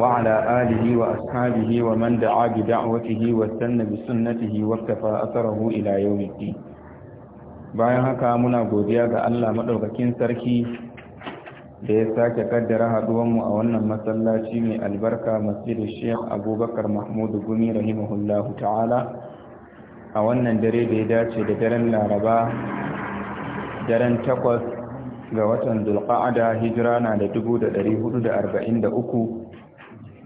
وعلى آله وأصحابه ومن دعا بدعوته واستنى بسنته واكتفى أثره إلى يوم الدين bayan haka muna godiya ga Allah maɗaukakin sarki da ya sake kaddara haduwanmu a wannan masallaci mai albarka masjidu sheikh abubakar mahmudu gumi rahimahullahu ta'ala a wannan dare da ya dace da daren laraba daren takwas ga watan dulqa'ada hijira na da 1443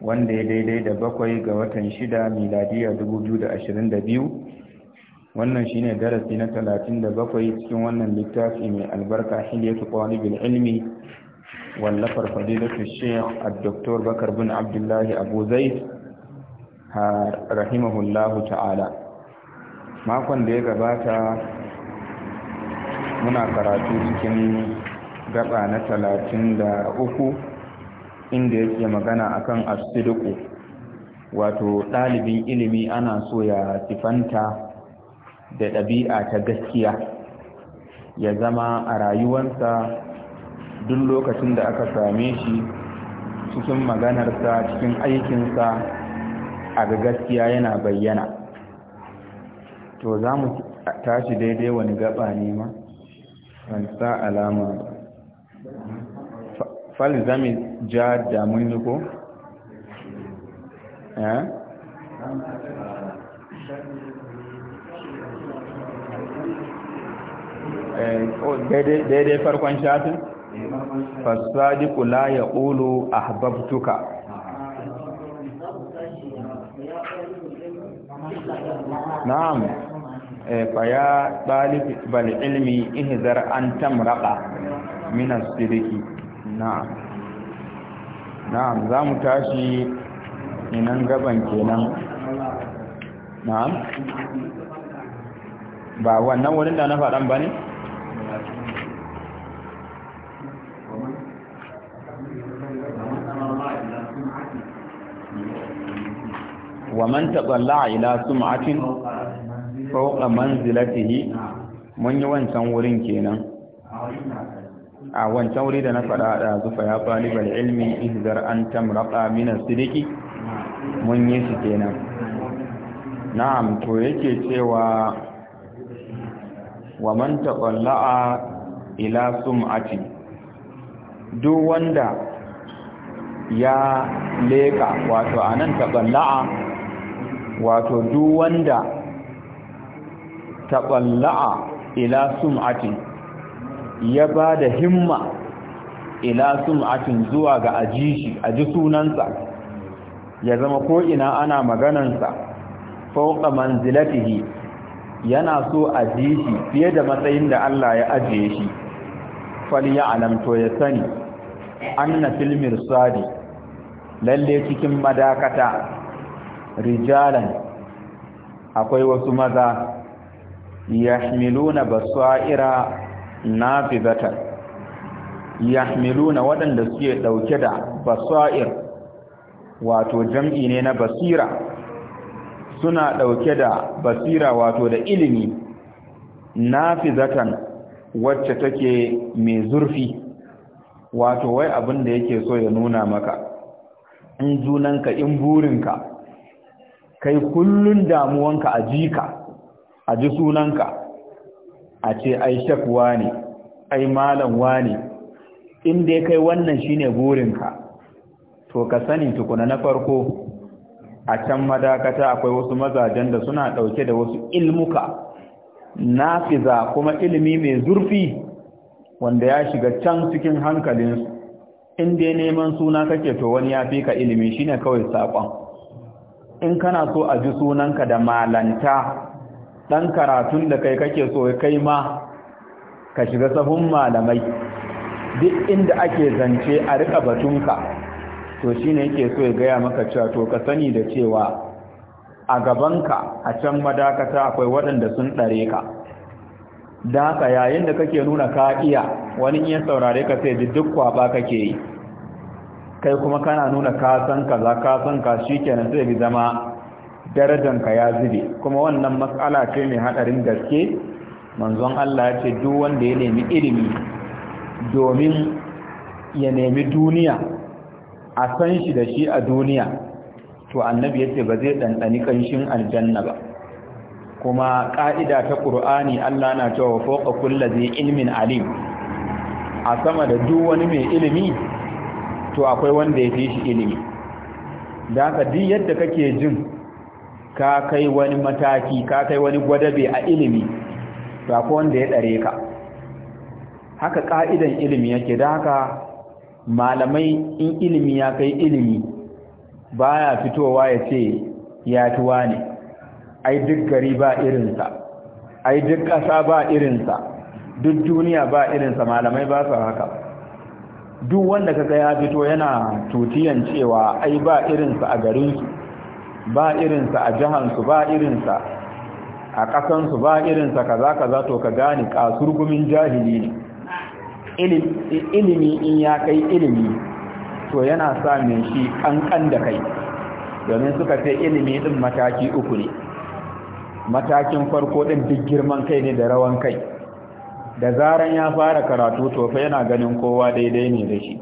wanda ya daidai da bakwai ga watan shida miladiya 2022 wannan shine darasi na talatin da bakwai cikin wannan littafi mai albarka kwani bin ilmi wallafar fadilatu shaykh a doktor bakar bin abdullahi abu zaid rahimahullahu ta'ala makon da ya gabata muna karatu cikin gaba na talatin da uku. inda yake magana akan asidiku wato ɗalibin ilimi ana so ya sifanta da ɗabi'a ta gaskiya ya zama a rayuwarsa duk lokacin da aka same shi cikin maganarsa cikin aikinsa a ga gaskiya yana bayyana to za mu tashi daidai wani gaba ne ma ban sa alama fali zami ja da mun ko? Eh? Eh, oh, daidai farkon shafin? fasadi kula ya ƙulu a hababtuka na'am faya ɗalibal ilmi ihzar an tamraƙa minas siriki na'am na'am za mu tashi inan gaban kenan na'am ba wannan wurin da na faɗan ba ne? waman taɓalla ila sum'atin fauka manzilatihi mun yi wancan wurin kenan a wancan wuri da na faɗa da zufa ya fali bal ilmi ihzar an tamraqa min as-sidiki mun yi shi kenan na'am to yake cewa wa man taqalla'a ila sum'ati duk wanda ya leka wato anan taqalla'a wato duk wanda taqalla'a ila sum'ati ya ba da himma ila sum'atin zuwa ga ajishi aji sunansa ya zama ko ina ana maganansa fauqa manzilatihi yana so ajishi fiye da matsayin da Allah ya ajiye shi falya alamto ya sani anna fil mirsadi lalle cikin madakata rijalan akwai wasu maza yahmiluna basaira nafizatan yahmiluna waɗanda suke ɗauke da basair wato jam'i ne na basira suna ɗauke da basira wato da ilimi nafizatan wacce take mai zurfi wato wai abin da yake so ya nuna maka in junanka in burinka kai kullun damuwanka a jika a ji sunanka a ce ai shakwa ne ai malam wane in dai kai wannan shine burinka to ka sani tukuna na farko a can madakata akwai wasu mazajen da suna ɗauke da wasu ilmuka nafiza kuma ilimi mai zurfi wanda ya shiga can cikin hankalinsu in neman suna kake to wani ya fi ka ilimi shine kawai saƙon in kana so a ji sunanka da malanta ɗan karatun da kai kake so kai ma ka shiga sahun malamai duk inda ake zance a riƙa batunka to shi ne yake so ya gaya maka cewa to ka sani da cewa a gaban ka, a can madakata akwai waɗanda sun ɗare ka da ka, yayin da kake nuna ka iya wani iya saurare ka sai ji duk kwaba kake yi kai kuma kana nuna ka san kaza ka san ka shikenan sai bi zama darajanka ya zube kuma wannan matsala ce mai hadarin gaske manzon Allah ya ce duk wanda ya nemi ilimi domin ya nemi duniya a san shi da shi a duniya to annabi ya ce ba zai dandani kanshin aljanna ba kuma ƙa'ida ta ƙur'ani Allah na cewa fawqa kulla zai ilmin alim a sama da duk wani mai ilimi to akwai wanda ya fi shi ilimi da haka duk yadda kake jin ka kai wani mataki ka kai wani gwadabe a ilimi ba ko wanda ya dare ka haka ka'idan ilimi yake da haka malamai in ilimi ya kai ilimi baya fitowa ya ce ya tuwa ne ai duk gari ba irinsa ai duk ƙasa ba irinsa duk duniya ba irinsa malamai ba su haka duk wanda kaga ya fito yana tutiyan cewa ai ba irinsa a garinsu ba irinsa a jihansu ba irinsa a ƙasansu ba irinsa kaza kaza to ka gane kasurgumin jahili ne ilimi in ya kai ilimi to yana sa mai shi ƙanƙan da kai domin suka ce ilimi ɗin mataki uku ne matakin farko ɗin duk girman kai ne da rawan kai da zaran ya fara karatu to fa yana ganin kowa daidai ne da shi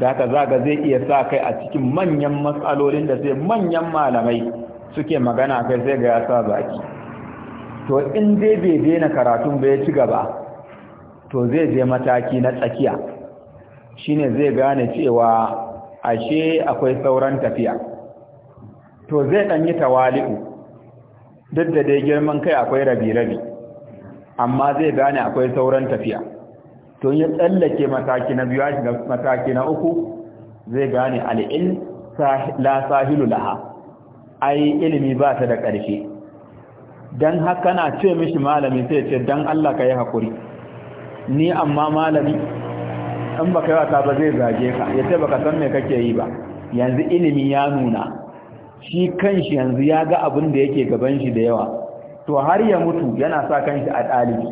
da haka ga zai iya sa kai a cikin manyan matsalolin da sai manyan malamai suke magana kai sai ga ya sa baki to in dai bai daina karatun ya ci gaba to zai je mataki na tsakiya shine zai gane cewa ashe akwai sauran tafiya to zai dan yi tawali'u duk da dai girman kai akwai rabi-rabi amma zai gane akwai sauran tafiya to ya tsallake mataki na biyu shiga mataki na uku zai gane al'il la sahilu laha ai ilimi ba ta da ƙarshe don haka na ce mishi malami sai ce don Allah ka yi haƙuri ni amma malami in ba ka yi ba zai zage ka ya ce ba ka san mai kake yi ba yanzu ilimi ya nuna shi kanshi yanzu ya ga abin da yake gaban shi da yawa to har ya mutu yana sa kanshi a ɗalibi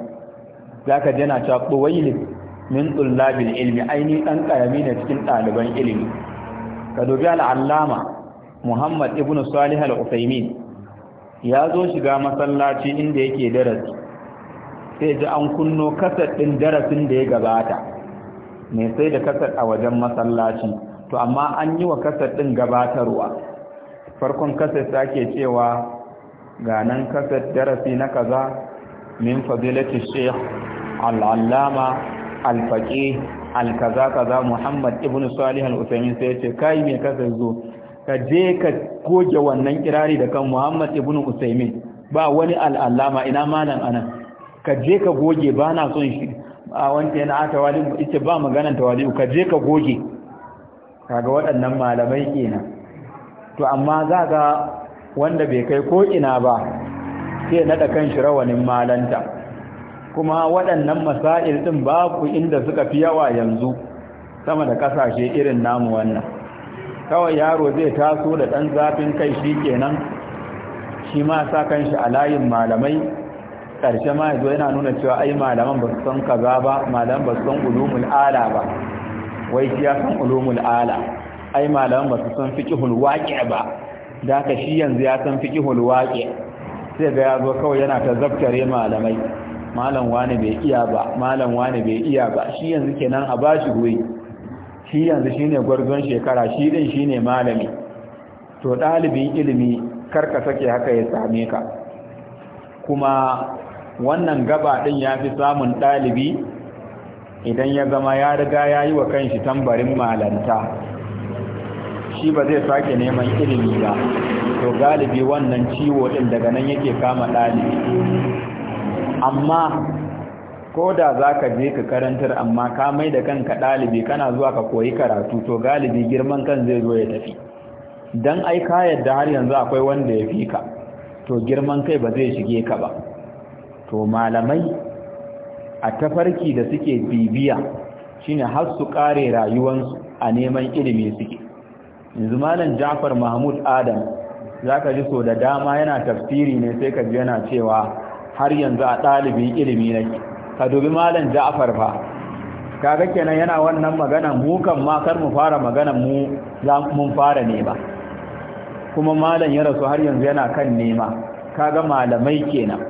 za ka jana cewa ɓuwailin min tsullabin ilmi aini ɗan ƙarami da cikin ɗaliban ilimi ka dubi al'allama muhammad ibn salih al'usaimin ya zo shiga masallaci inda yake darasi sai ji an kunno kasar ɗin darasin da ya gabata mai sai da kasar a wajen masallaci to amma an yi wa kasar ɗin gabatarwa farkon kasar sake cewa ga nan kasar darasi na kaza min fadilatul sheikh al'allama alfaƙe alkaza kaza muhammad ibn salih al-usaimin sai ce kai me ka zo ka je ka goge wannan kirari da kan muhammad ibn usaimin ba wani al'allama ina malam anan ka je ka goge ba na son shi a wanda yana tawali ita ba maganan tawali ka je ka goge kaga waɗannan malamai kenan to amma za ga wanda bai kai ko ina ba sai naɗa kan shi rawanin malanta kuma waɗannan masail ɗin ku inda suka fi yawa yanzu sama da ƙasashe irin namu wannan kawai yaro zai taso da ɗan zafin kai shi kenan shi ma sa kanshi a layin malamai ƙarshe ma yanzu yana nuna cewa ai malaman ba su san kaza ba malaman ba su san ulumul ala ba wai shi ya san ulumul ala ai malaman ba su san fiqhul waqi' ba da haka shi yanzu ya san fiqhul waqi' sai ga yazo kawai yana ta zaftare malamai malam wane bai iya ba malam wane bai iya ba shi yanzu kenan a bashi goyi shi yanzu shine gwarzon shekara shi din shine malami to dalibin ilimi karka sake haka ya same ka kuma wannan gaba din yafi samun dalibi idan ya zama ya riga yayi wa kanshi tambarin malanta shi ba zai sake neman ilimi ba to galibi wannan ciwo din daga nan yake kama dalibi amma ko da za ka je ka karantar amma ka mai da kanka ɗalibi kana zuwa ka koyi karatu to galibi girman kan zai zo ya tafi dan ai ka yadda har yanzu akwai wanda ya fi ka to girman kai ba zai shige ka ba to malamai a tafarki da suke bibiya shine har su kare rayuwansu a neman ilimi suke yanzu malam Ja'far Mahmud Adam zaka ji so da dama yana tafsiri ne sai ka ji yana cewa har yanzu a ɗalibin ilimi na ka dubi malam ja'far fa kaga kenan yana wannan magana mu kan ma kar mu fara magana mu za mun fara nema kuma malam ya rasu har yanzu yana kan nema kaga malamai kenan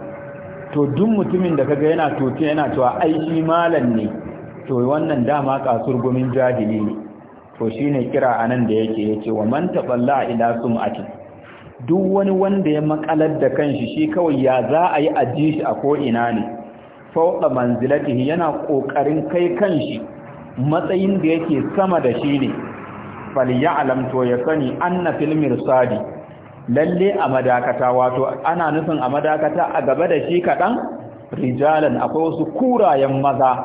to duk mutumin da kaga yana toce yana cewa ai shi malam ne to wannan dama kasur gumin jahili ne to shine kira anan da yake yace wa man taballa ila sum'ati duk wani wanda ya makalar da kanshi shi kawai ya za a yi aji shi a ko'ina ne fauɗa manzilatihi yana ƙoƙarin kai kanshi matsayin da yake sama da shi ne faliya alamto ya sani anna filmir sadi lalle a madakata wato ana nufin a madakata a gaba da shi kaɗan rijalan akwai wasu kurayen maza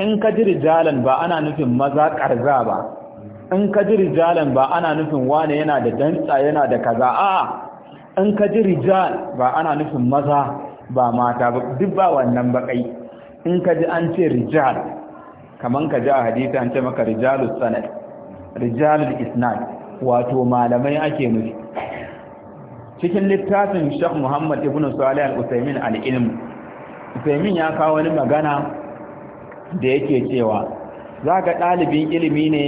in ka ji rijalan ba ana nufin maza ƙarza ba in ka ji rijalan ba ana nufin wane yana da dantsa yana da kaza a in ka ji rijal ba ana nufin maza ba mata ba duk ba wannan bakai in ka ji an ce rijal kaman ka ji a hadisi an ce maka rijalus sanad rijalul isnad wato malamai ake nufi cikin littafin Sheikh Muhammad Ibn Salih Al-Utsaimin Al-Ilm Utsaimin ya kawo wani magana da yake cewa zaka dalibin ilimi ne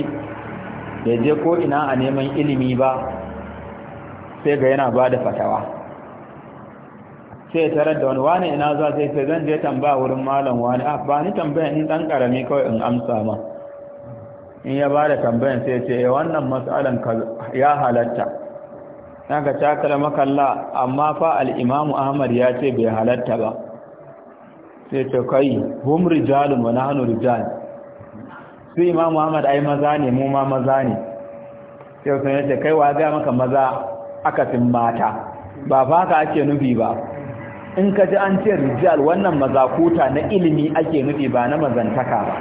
bai je ko ina a neman ilimi ba sai ga yana ba da fatawa sai tarar da wani wani ina za sai sai zan je tamba wurin malam wani a ah, ba ni tambayan in dan karami kawai in amsa ma in ya ba da tambayan sai ce eh, wannan matsalan ya halatta na ga cakala makalla amma fa al'imamu ahmad ya ce bai halatta ba sai ce kai hum rijalun wa nahnu rijal su imam muhammad ai maza ne mu ma maza ne sai sun yace kai wa ga maka maza akasin mata ba ba ka ake nufi ba in ka ji an ce rijal wannan mazakuta na ilimi ake nufi ba na mazantaka ba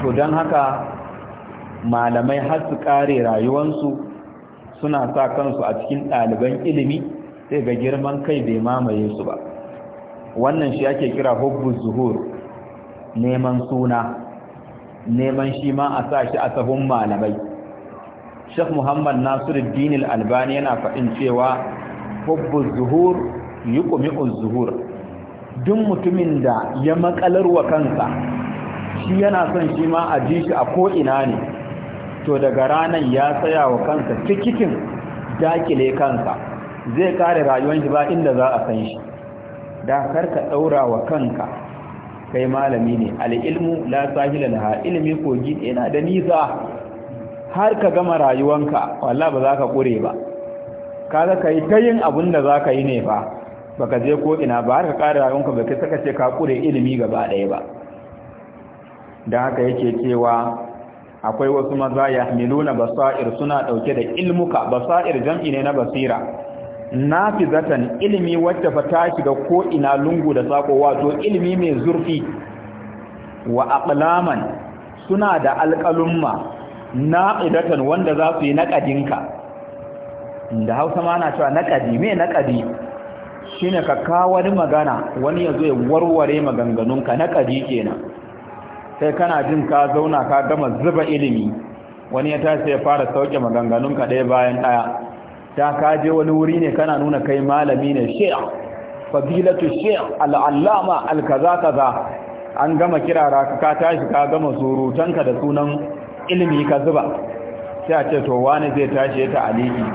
to don haka malamai har su kare rayuwansu suna sa kansu a cikin ɗaliban ilimi sai ga girman kai bai mamaye su ba wannan shi ake kira hubbu zuhur neman suna neman shi ma a sa shi a sahun malamai Sheikh Muhammad Nasiruddin Al-Albani yana faɗin cewa hubbu zuhur yuqmi'u zuhur duk mutumin da ya makalarwa kansa shi yana son shi ma a ji shi a ko'ina ne to daga ranar ya tsaya wa kansa tikitin dakile kansa zai kare rayuwar shi ba inda za a san shi da karka ɗaura wa kanka kai malami ne al'ilmu la sahila laha ilimi kogi yana da nisa har ka gama rayuwanka walla ba za ka kure ba kaga ka yi ta yin abin da za ka yi ne ba baka je ko ina ba har ka ƙara rayuwanka ba kai saka ce ka kure ilimi gaba ɗaya ba da haka yake cewa akwai wasu maza ya miluna basa'ir suna ɗauke da ilmuka basa'ir jam'i ne na basira nafizatan ilimi wacce fa ta shiga ko ina lungu da sako wato ilimi mai zurfi wa aqlaman suna da alƙalumma naqidatan wanda za su yi naqadinka da Hausa ma ana cewa naqadi me naqadi shine ka kawo wani magana wani yazo ya warware maganganunka naqadi kenan sai kana jin ka zauna ka gama zuba ilimi wani ya tashi ya fara sauke maganganunka ɗaya bayan ɗaya ta kaje wani wuri ne kana nuna kai malami ne shi'a fadilatu shi'a al'allama al-kaza an gama kirara ka tashi ka gama surutanka da sunan ilimi ka zuba sai a ce to wani zai tashi ta aliki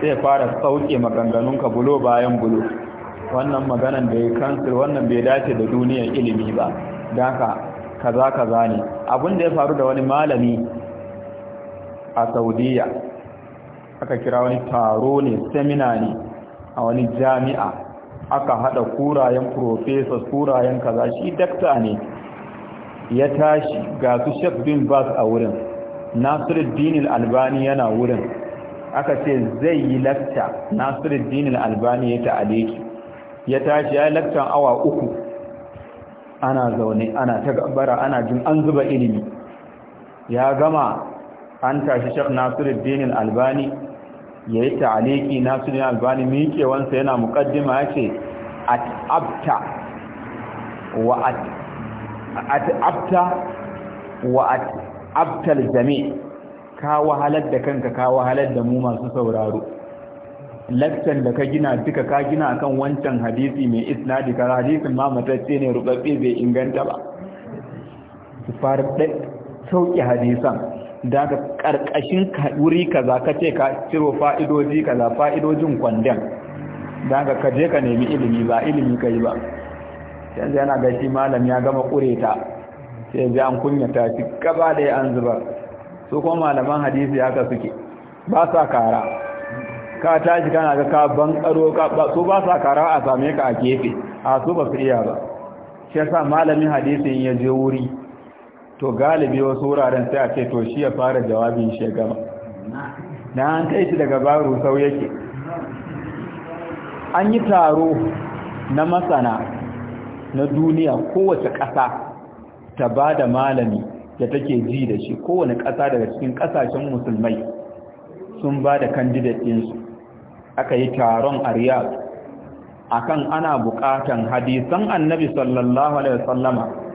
sai fara sauke maganganunka bulo bayan bulo wannan maganan da ya kansir wannan bai dace da duniyar ilimi ba ka kaza kaza ne abin da ya faru da wani malami a saudiya aka kira wani taro ne semina ne a wani jami'a aka hada kurayen professors kurayen kaza shi dakta ne ya tashi ga su chef bin Bas a wurin Nasiruddin Albani yana wurin aka ce zai yi lakta Nasiruddin Albani ya aleki ya tashi ya laktan awa uku ana zaune ana ta gabara ana jin an zuba ilimi ya gama an tashi chef Nasiruddin Albani Yayi yi ta'aliki na su ne albani miƙewansa yana muƙaddima ya ce at'abta wa at'abta wa ka wahalar da kanka ka wahalar da mu masu sauraro Laccan da ka gina duka ka gina kan wancan hadisi mai isnadi ka hadisin ma matacce ne rubabbe bai inganta ba su fara sauƙi hadisan daga karkashin wuri kaza ka ce ka ciro fa'idoji kaza fa'idojin kwandon daga ka je ka nemi ilimi ba ilimi ka yi ba yanzu yana gashi malam ya gama ƙureta sai ji an kunya shi gaba da ya an zuba su kuma malaman hadisi haka suke ba sa kara ka tashi kana ga ka ban karo ka ba su ba sa kara a same ka a gefe a su ba su iya ba shi yasa malamin hadisi ya je wuri to galibi wasu wuraren sai a ce to shi ya fara jawabin shi gama na an kai shi daga baro sau yake an yi taro na masana na duniya kowace ƙasa ta ba da malami da take ji da shi kowane ƙasa daga cikin ƙasashen musulmai sun ba da kandidatinsu aka yi taron a kan akan ana buƙatan hadisan annabi sallallahu alaihi wasallama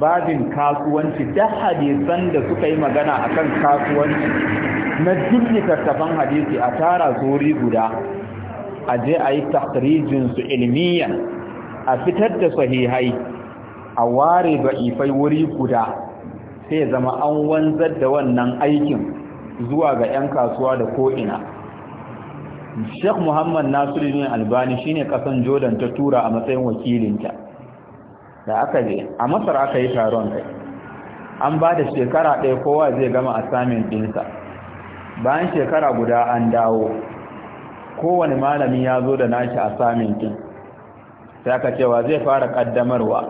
babin kasuwanci da hadisan da suka yi magana akan kasuwanci na duk hadisi a tara zuri guda a je a yi su ilmiya a fitar da sahihai a ware ba'ifai wuri guda sai zama an wanzar da wannan aikin zuwa ga 'yan kasuwa da ko'ina sheikh muhammad nasiru albani shine kasan jordan ta tura a matsayin wakilinta da aka je a masar aka yi taron kai an ba da shekara ɗaya kowa zai gama assignment ɗinsa bayan shekara guda an dawo kowane malami ya zo da nashi assignment ɗin sai aka cewa zai fara ƙaddamarwa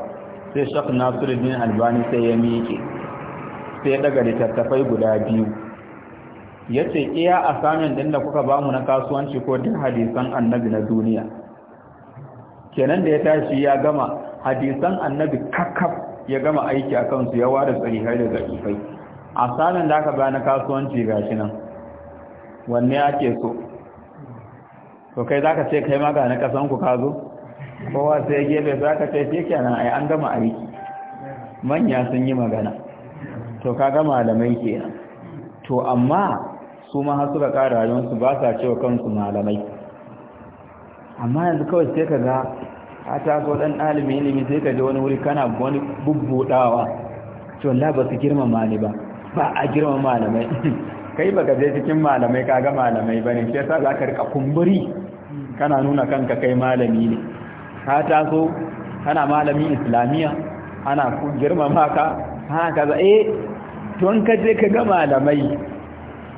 sai shak nasiruddin albani sai ya miƙe sai daga littattafai guda biyu ya ce iya samin ɗin da kuka bamu na kasuwanci ko duk hadisan annabi na duniya kenan da ya tashi ya gama hadisan annabi kakkaf ya gama aiki a kansu ya ware tsarihai da zaifai a sanin da aka gane kasuwanci ga shi nan wanne ake so to kai za ka ce kai ma kasan ku ka zo kowa sai gefe za ka ce shi kenan ai an gama aiki manya sun yi magana to ka gama malamai kenan to amma su ma har suka ƙara rayuwarsu ba sa cewa kansu malamai amma yanzu kawai sai ka ga ka taso dan ɗalibin ilimi sai ka ji wani wuri kana wani bubbudawa to la ba su girmama ni ba ba a girmama malamai kai baka je cikin malamai ka ga malamai ba ne sai sa ka rika kumburi kana nuna kanka kai malami ne ka taso kana malami islamiya ana girmama ka ha za eh don ka je ka ga malamai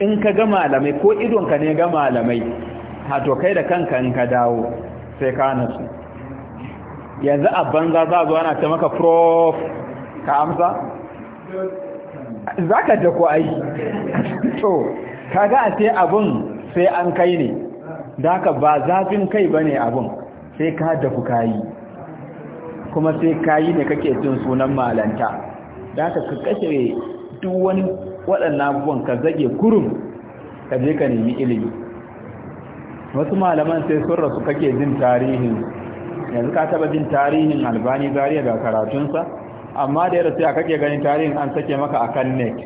in ka ga malamai ko idonka ne ga malamai ha to kai da kanka in ka dawo sai ka nasu yanzu a banza za a zo ana ta maka prof ka amsa za ka jako ai to kaga a ce abin sai an kai ne da haka ba zafin kai ba ne abin sai ka dafu kayi kuma sai kayi ne kake jin sunan malanta da haka ka kashe duk wani waɗannan abubuwan ka zage kurum ka je ka nemi ilimi wasu malaman sai sun rasu kake jin tarihin yanzu ka taba jin tarihin albani zariya ga karatunsa amma da yadda sai kake ganin tarihin an sake maka a kan net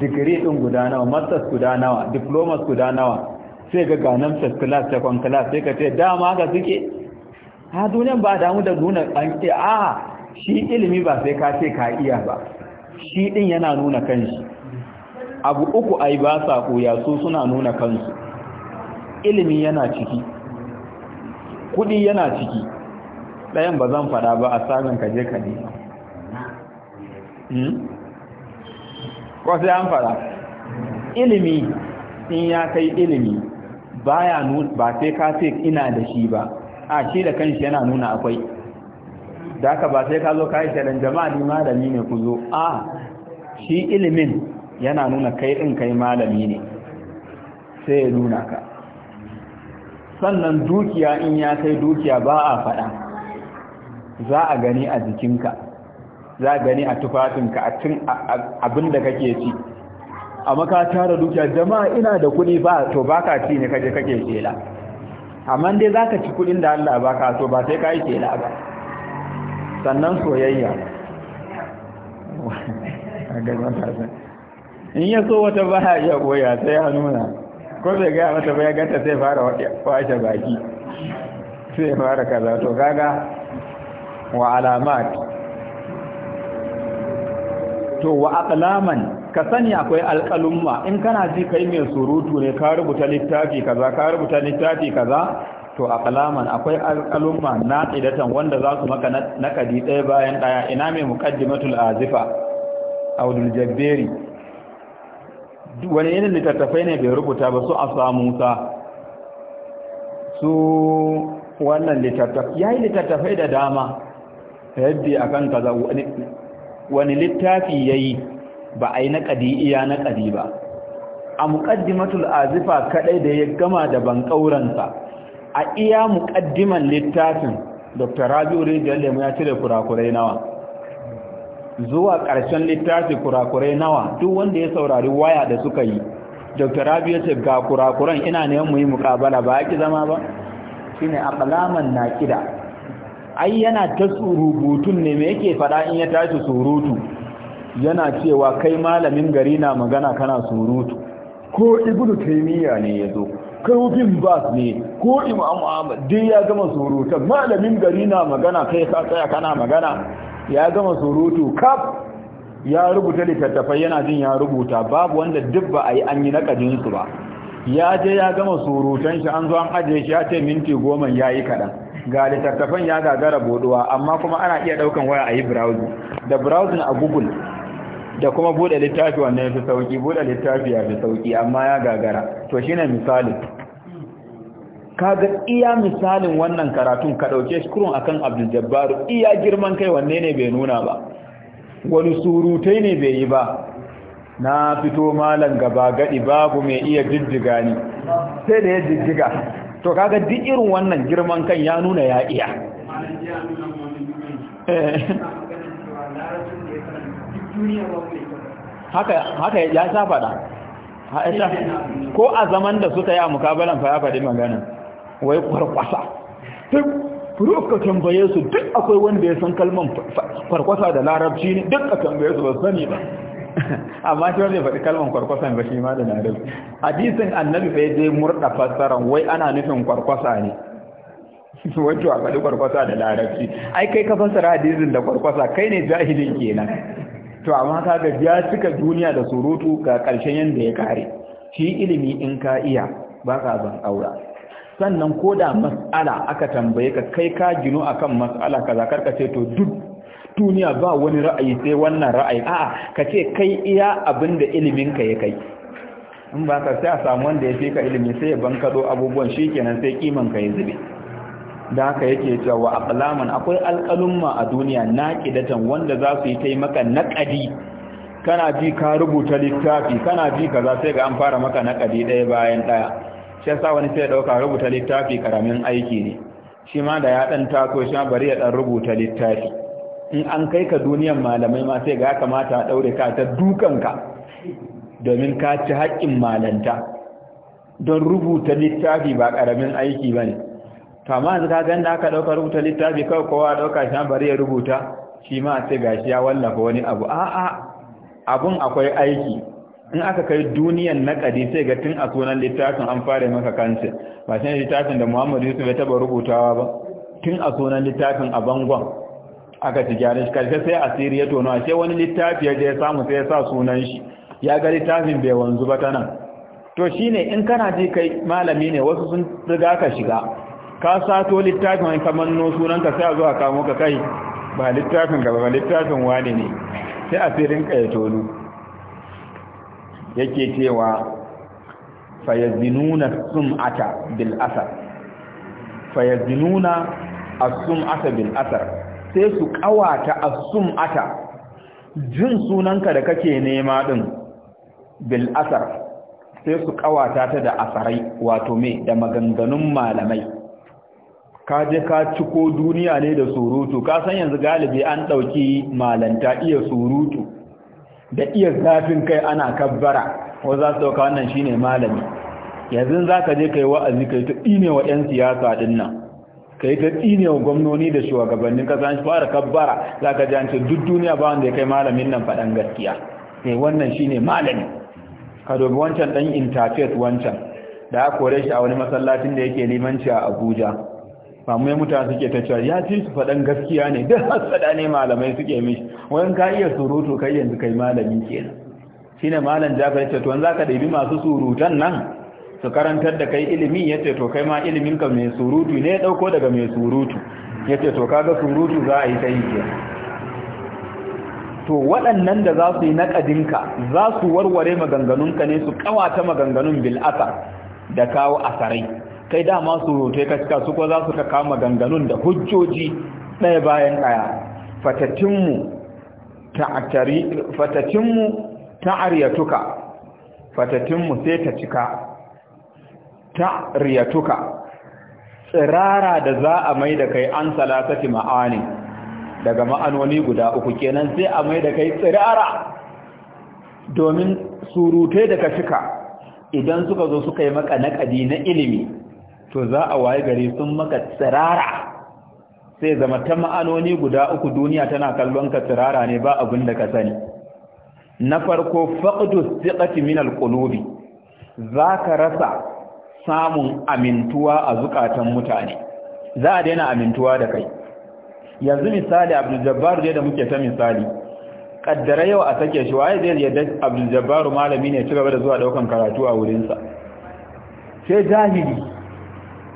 digiri ɗin guda nawa masters guda nawa diplomas guda nawa sai ga ganan first class second class sai ka ce dama ga suke ha duniyan ba damu da nuna an ce a shi ilimi ba sai ka ce ka iya ba shi ɗin yana nuna kanshi abu uku ai ba sa koya su suna nuna kansu ilimi yana ciki kuɗi yana ciki ɗayan ba zan fada ba a sabon kaje kaje Kwasai hmm? ko sai an fada ilimi in ya kai ilimi ba ya nuna ba sai ka ce ina da shi ba a shi da kanshi yana nuna akwai da haka ba sai ka zo ka yi shaɗan jama'a ni malami ne ku zo a shi ilimin yana nuna kai ɗin kai malami ne sai ya nuna ka sannan dukiya in ya kai dukiya ba a faɗa za a gani a jikinka za a gani a tufafinka a cin abin da kake ci amma ka tara dukiya jama'a ina da kuɗi ba to baka ci ne kaje kake shela amma dai zaka ci kuɗin da Allah baka to ba sai kai yi ba sannan soyayya in ya so wata baya ya koya sai ya nuna ko bai gaya mata ba ya ganta sai fara washe baki sai fara kaza to kaga wa alamat to wa aqlaman ka sani akwai alqalumma in kana ji kai mai surutu ne ka rubuta littafi kaza ka rubuta littafi kaza to aqlaman akwai na idatan wanda za su maka nakadi ɗaya bayan ɗaya ina mai muqaddimatul azifa audul jabberi wani irin littattafai ne bai rubuta ba su asa musa su wannan littattafai yayi littattafai da dama a akan kaza wani littafi yayi ba yi na iya na qadi ba a muqaddimatul azifa kaɗai da ya gama da banƙauransa a iya muqaddiman littafin dr rabiu rijal ya cire kurakurai nawa zuwa ƙarshen littafi kurakurai nawa duk wanda ya saurari waya da suka yi dr rabi ya ce ga kurakuran ina neman mu yi muƙabala, ba ya ki zama ba shine aqlaman naqida ai yana ta surubutun ne me yake faɗa in ya tashi surutu yana cewa kai malamin gari na magana kana surutu ko ibnu taymiya ne yazo kai bas ne ko imam ahmad dai ya gama surutu malamin gari na magana kai ka tsaya kana magana ya gama surutu kaf ya rubuta littattafai yana jin ya rubuta babu wanda duk ba a yi an yi su ba ya je ya gama surutan shi an zo an ajiye shi ya ce minti goma ya yi kaɗan ga littattafan ya gagara boduwa amma kuma ana iya daukan waya a yi browsing da browsing a google da kuma bude littafi wannan ya fi sauki bude littafi ya fi sauki amma ya gagara to shine Ka kaga iya misalin wannan karatun ka dauke shi kurun akan Abdul Jabbar iya girman kai wanne ne bai nuna ba wani surutai ne bai yi ba na fito malam gaba gadi babu mai iya jijjiga ni sai da ya jijjiga to kaga duk irin wannan girman kan ya nuna ya iya haka ya sha faɗa ko a zaman da suka yi a mukabalan fa ya faɗi magana wai kwarkwasa duk furuf ka tambaye su duk akwai wanda ya san kalman kwarkwasa da larabci ne duk ka tambaye su ba sani ba amma shi wanda faɗi kalmar kwarkwasa ba shi ma da nadal hadisin annabi sai dai murda fassaran wai ana nufin kwarkwasa ne wato a faɗi kwarkwasa da larabci ai kai ka fassara hadisin da kwarkwasa kai ne jahilin kenan to amma kaga ya cika duniya da surutu ga ƙarshen yanda ya kare shi ilimi in ka iya ba ka zan aura sannan ko da mas'ala aka tambaye ka kai ka gino akan mas'ala kaza karka ce to duk duniya ba wani ra'ayi sai wannan ra'ayi a'a ka ce kai iya abinda ilimin ka ya kai in ba ka sai a samu wanda ya fi ka ilimi sai ya bankado abubuwan shikenan sai kiman ka ya zube da haka yake cewa aqlaman akwai alqalumma a duniya na kidatan wanda za su yi taimaka naqadi kana ji ka rubuta littafi kana ji ka za sai ga an fara maka naqadi ɗaya bayan ɗaya shi sa wani sai ɗauka dauka rubuta littafi karamin aiki ne shi ma da ya dan taso shi ma bari ya ɗan rubuta littafi in an kai ka duniyan malamai ma sai ga kamata a daure ka ta dukanka domin ka ci haƙƙin malanta don rubuta littafi ba ƙaramin aiki ba ne kama yanzu ka ganda aka ɗauka rubuta littafi kawai kowa ɗauka shan bari ya rubuta shi ma sai gashi ya wallafa wani abu a'a abun akwai aiki in aka kai duniyan naƙadi sai ga tun a sunan littafin an fara maka kansu ba shi littafin da muhammadu yusuf ya taɓa rubutawa ba tun a sunan littafin a bangon aka ci gyaran shi karshe sai asiri ya tono ashe wani littafi ya je ya samu sai ya sa sunan shi ya ga littafin bai wanzu ba ta nan to shine in kana ji kai malami ne wasu sun riga ka shiga ka sato littafin wani kamar no sunan ka sai a zuwa kamo ka kai ba littafin gaba ba littafin wani ne sai asirin ka ya tono yake cewa fayazinuna sum'ata bil asar fayazinuna as-sum'ata bil asar sai su kawata asum ata. jin sunanka da kake nema ɗin, bil asar sai su kawata ta da asarai wato me da maganganun malamai ka je ka ciko duniya ne da surutu ka san yanzu galibi an dauki malanta iya surutu da iya zafin kai ana kabbara ko za su dauka wannan shine malami yanzu za ka je kai wa'azi kai ta ine wa 'yan siyasa dinnan kai ta tsine wa gwamnoni da shugabannin kasa an fara kabbara za ka ji duk duniya ba wanda ya kai malamin nan faɗan gaskiya ne eh, wannan shi ne malami ka dobi wancan ɗan interfaith wancan da aka kore shi a wani masallacin da yake limanci a abuja ba mai mutane suke ta cewa ya ce su faɗan gaskiya ne duk hasada ne malamai suke mishi wani ka iya surutu kai yanzu kai malami kenan shine malam jafar ce to za ka ɗabi masu surutan nan su karantar da kai ilimi ya ce to kai ma iliminka mai surutu ne ya ɗauko daga mai surutu ya ce to kaga surutu za a yi ta yi ke to waɗannan da za su yi naƙadinka za su warware maganganunka ne su ƙawata maganganun bil'asar da kawo asarai kai dama surutai ka cika su ko za su ka kama maganganun da hujjoji ɗaya bayan ɗaya fatatinmu ta'ariyatuka fatatinmu sai ta cika tariyatuka tsirara da za a mai da kai an salatati ma'ani daga ma'anoni guda uku kenan sai a mai da kai tsirara domin surutai da ka cika idan suka zo suka yi maka naƙadi na ilimi to za a waye gari sun maka tsirara sai zama ta ma'anoni guda uku duniya tana kallon ka tsirara ne ba abin da ka sani na farko faqdu thiqati min al-qulubi zaka rasa samun amintuwa a zukatan mutane za a daina amintuwa da kai yanzu misali abdul-jabbar da muke ta misali kaddara yau a sake shi waye zai yadda abdul-jabbar malami ne gaba da zuwa daukan karatu a wurinsa sai jahili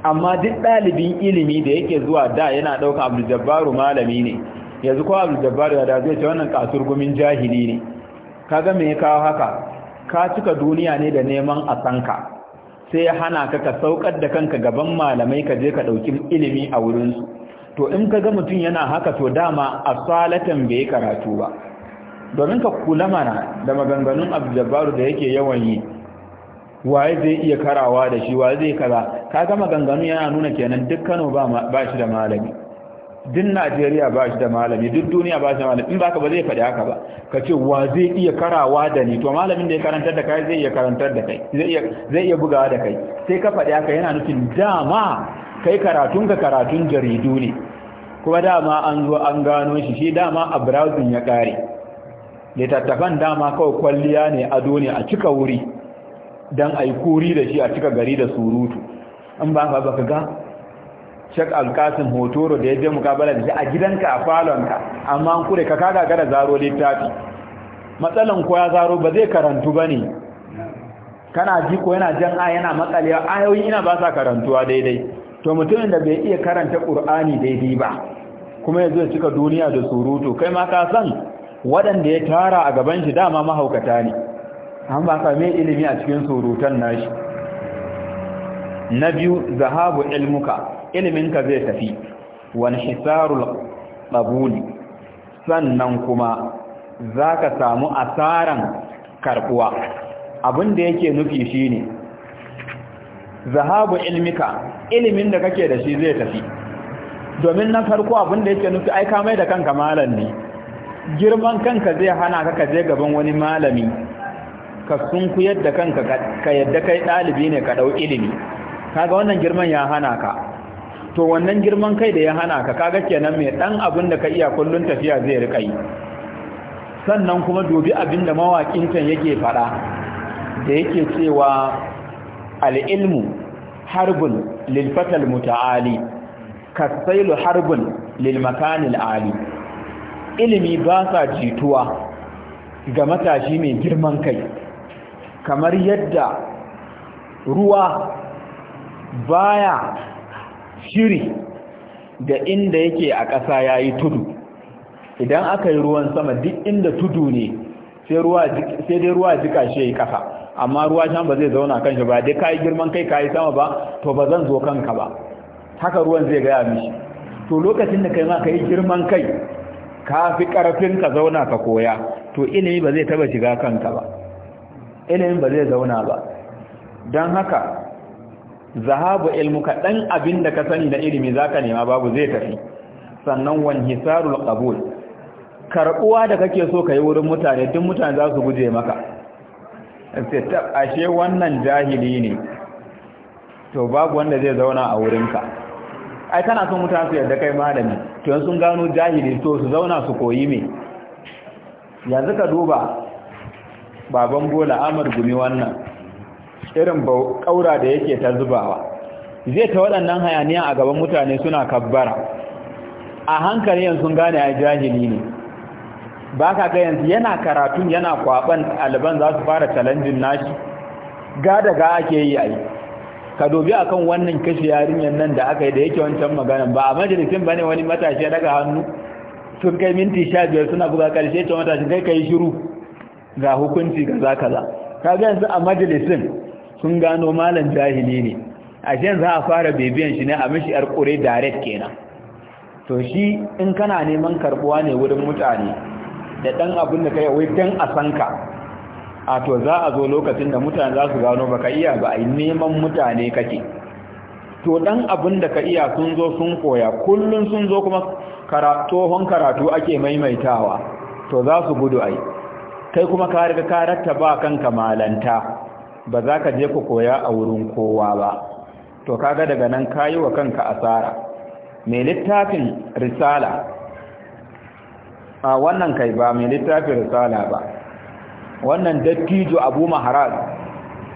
amma duk ɗalibin ilimi da yake zuwa da yana daukan abdul-jabbar malami ne yanzu ko abdul-jabbar da zai ce wannan kasur gumin jahili ne Ka ga me ya kawo haka ka cika duniya ne da neman a sanka sai ya hana ka ka saukar da kanka gaban malamai ka je ka ɗauki ilimi a wurinsu to in ka ga mutum yana haka to dama a salatan bai yi karatu ba domin ka kula mana da maganganun abu da yake yawan yi waye zai iya karawa da shi waye zai kaza kaga maganganun yana nuna kenan duk Kano ba shi da malami duk Najeriya ba shi da malami duk duniya ba shi da malami in ba ka ba zai faɗi haka ba ka ce wa zai iya karawa da ni to malamin da ya karantar da kai zai iya karantar da kai zai iya bugawa da kai sai ka faɗi haka yana nufin dama kai karatun ka karatun jaridu ne kuma dama an zo an gano shi shi dama a browsing ya kare littattafan dama kawai kwalliya ne ado ne a cika wuri dan yi kuri da shi a cika gari da surutu in ba ka ba ka ga shek alkasin hotoro da ya je mukabala da shi a gidanka a falonka amma an kure ka kaga gara zaro littafi matsalan ko ya zaro ba zai karantu ba ne kana ji ko yana jan a yana matsalewa ayoyi ina ba sa karantuwa daidai to mutumin da bai iya karanta ƙur'ani daidai ba kuma ya zo cika duniya da surutu kai ma ka san waɗanda ya tara a gaban shi dama mahaukata ne an ba same ilimi a cikin surutan nashi na biyu zahabu ilmuka iliminka zai tafi wani hisarul ƙabuli sannan kuma za ka samu asaran karɓuwa abin yake nufi shi ne zahabu ilmika ilimin da kake da shi zai tafi domin na farko abinda yake nufi ai kamai da kanka malam ne girman kanka zai hana ka ka je gaban wani malami ka sunku yadda kanka ka yadda kai ɗalibi ne ka ɗau ilimi kaga wannan girman ya hana ka to wannan girman kai da ya hana ka kaga kenan mai dan abin da ka iya kullun tafiya zai rika yi sannan kuma dubi abin da mawakin kan yake fada da yake cewa al-ilmu harbun lil fatal muta'ali kasailu harbun lil makanil ali ilimi ba sa jituwa ga matashi mai girman kai kamar yadda ruwa baya shiri da inda yake a ƙasa ya yi tudu idan aka yi ruwan sama duk inda tudu ne sai dai ruwa jika shi ya yi ƙasa amma ruwa shan ba zai zauna kan shi ba dai ka yi girman kai ka yi sama ba to ba zan zo kanka ba haka ruwan zai gaya mishi to lokacin da kai ma ka yi girman kai ka fi ƙarfin ka zauna ka koya to ilimi ba zai taba shiga kanka ba ilimin ba zai zauna ba don haka zahabu ilmuka dan abin da ka sani na ilimi zaka nema babu zai tafi sannan wan hisarul qabul karbuwa da kake so kai wurin mutane duk mutane za su guje maka sai ta ashe wannan jahili ne to babu wanda zai zauna a wurinka ai kana son mutane su yarda kai malami to yanzu sun gano jahili to su zauna su koyi me yanzu ka duba baban bola amar gumi wannan irin kaura da yake ta zubawa zai ta waɗannan hayaniya a gaban mutane suna kabbara a hankali yanzu gane a jahili ne ba ka ga yanzu yana karatun yana kwaɓan alban za su fara challenging nashi gada ga ake yi a yi ka dobi akan wannan kashe yarinyar nan da aka yi da yake wancan magana ba a majalisin ba ne wani matashi daga hannu sun kai minti sha biyar suna buga ƙarshe ta matashi, kai ka yi shiru ga hukunci ga za ka za ka ga yanzu a majalisin sun gano malam jahili ne a shi za a fara bibiyan shi ne a mishi yar kure direct kenan to shi in kana neman karbuwa ne wurin mutane da dan abin da kai wai dan a san ka a to za a zo lokacin da mutane za su gano baka iya ba a neman mutane kake to dan abin da ka iya sun zo sun koya kullun sun zo kuma karatu karatu ake maimaitawa to za su gudu ai kai kuma ka riga ka rattaba kanka malanta ba za ka je ku koya a wurin kowa ba to kaga daga nan kayi wa kanka asara mai littafin risala a wannan kai ba mai littafin risala ba wannan dattijo abu maharaj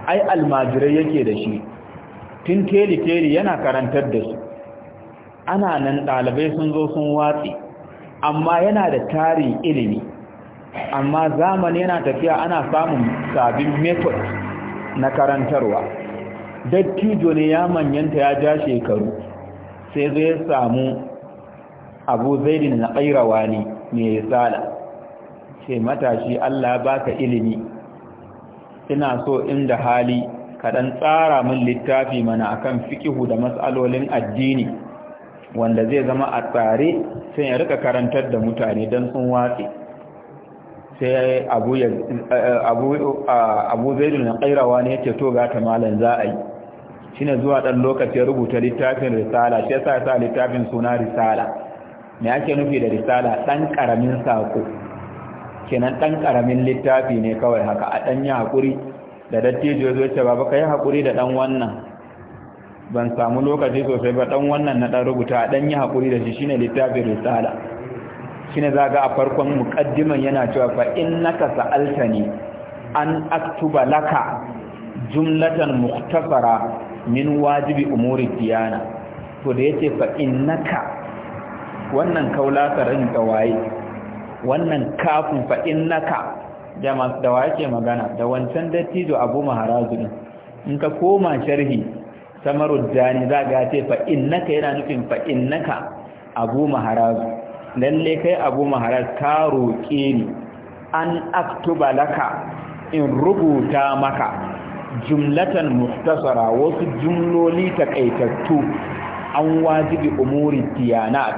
ai almajirai yake da shi tun teli-teli yana karantar da su ana nan ɗalibai sun zo sun watsi amma yana da tarin ilimi amma zamani yana tafiya ana samun sabin method na karantarwa dattijo ne ya manyanta ya ja shekaru sai zai samu abu zaidin na ƙairawa ne mai tsala ce matashi Allah baka ilimi ina so inda hali kaɗan tsara min littafi mana akan fikihu da matsalolin addini wanda zai zama a tsare sai ya rika karantar da mutane don sun watsi sai abu zai abu na kairawa ne yake to ga ta za a yi shine zuwa dan lokaci rubuta littafin risala shi sa sa littafin suna risala me ake nufi da risala dan karamin sako kenan dan karamin littafi ne kawai haka a dan yi hakuri da dattijo zo ce baba yi haƙuri da dan wannan ban samu lokaci sosai ba ɗan wannan na ɗan rubuta dan yi hakuri da shi shine littafin risala shine zaga a farkon muqaddiman yana cewa fa innaka sa'altani an aktuba laka jumlatan mukhtasara min wajibi umuri diyana to da yace fa innaka wannan kaula karin waye wannan kafin fa innaka da masu ke magana da wancan dattijo Abu Maharazu in ka koma sharhi samarud dani zaga ce fa innaka yana nufin fa innaka Abu Maharazu lalle kai abu maharar ka roƙe ni an aktuba laka in rubuta maka jumlatan mustasara wasu jumloli takaitattu an wajibi umuri diyanat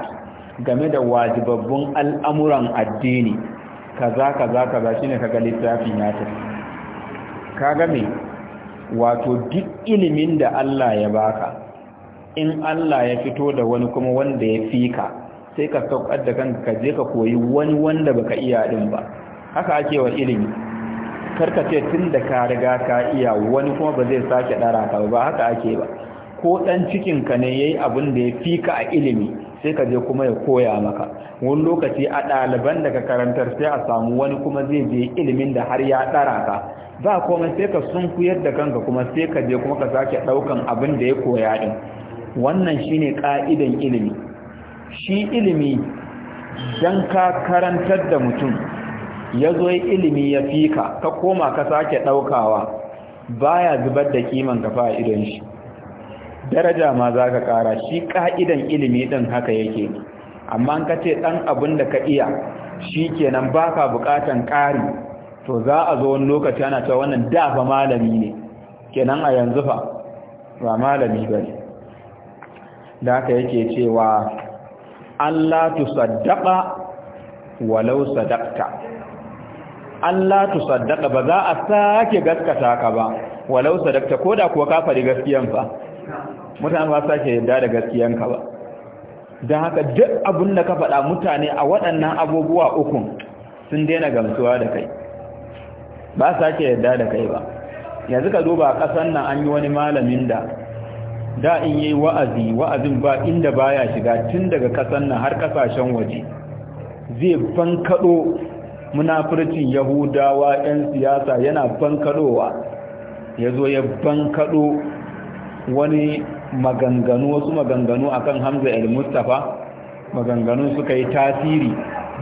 game da wajibabbun al'amuran addini kaza kaza kaza shine kaga littafin ya tafi kaga me wato duk ilimin da Allah ya baka in Allah ya fito da wani kuma wanda ya fi ka. sai ka saukar da kanka ka je ka koyi wani wanda baka iya din ba haka ake wa ilimi karka ce tun da ka riga ka iya wani kuma ba zai sake dara ka ba haka ake ba ko cikin cikinka ne yayi yi abin da ya fi ka a ilimi sai ka je kuma ya koya maka wani lokaci a ɗaliban da ka karantar sai a samu wani kuma zai je ilimin da har ya ɗara ka ba kuma sai ka sunkuyar da kanka kuma sai ka je kuma ka sake ɗaukan abin da ya koya din. wannan shine ka'idan ilimi shi ilimi don ka karantar da mutum ya zo ilimi ya fika ka koma ka sake ɗaukawa baya zubar da kiman kafa a idon shi daraja ma za ka ƙara shi ƙa'idan ilimi ɗin haka yake amma ka ce ɗan abin da ka iya shi kenan baka ka buƙatan ƙari to za a zo wani lokaci ana cewa wannan da fa malami ne kenan a yanzu fa ba malami ba ne da haka yake cewa Allah tu saddaka walau sadaqta Allah tu saddaka ba za a sake gaskata ka ba walau ko da kuwa ka faɗi gaskiyan fa mutane ba sake yadda da gaskiyan ka ba da haka duk abin da ka faɗa mutane a waɗannan abubuwa ukun sun daina gamsuwa da kai ba sake yadda da kai ba yanzu ka duba a ƙasan nan an yi wani malamin da da in yi wa'azi wa'azin ba inda baya shiga tun daga kasan nan har kasashen waje zai bankaɗo munafurcin yahudawa 'yan siyasa yana bankaɗowa ya zo ya bankaɗo wani maganganu wasu maganganu akan hamza al mustapha maganganu suka yi tasiri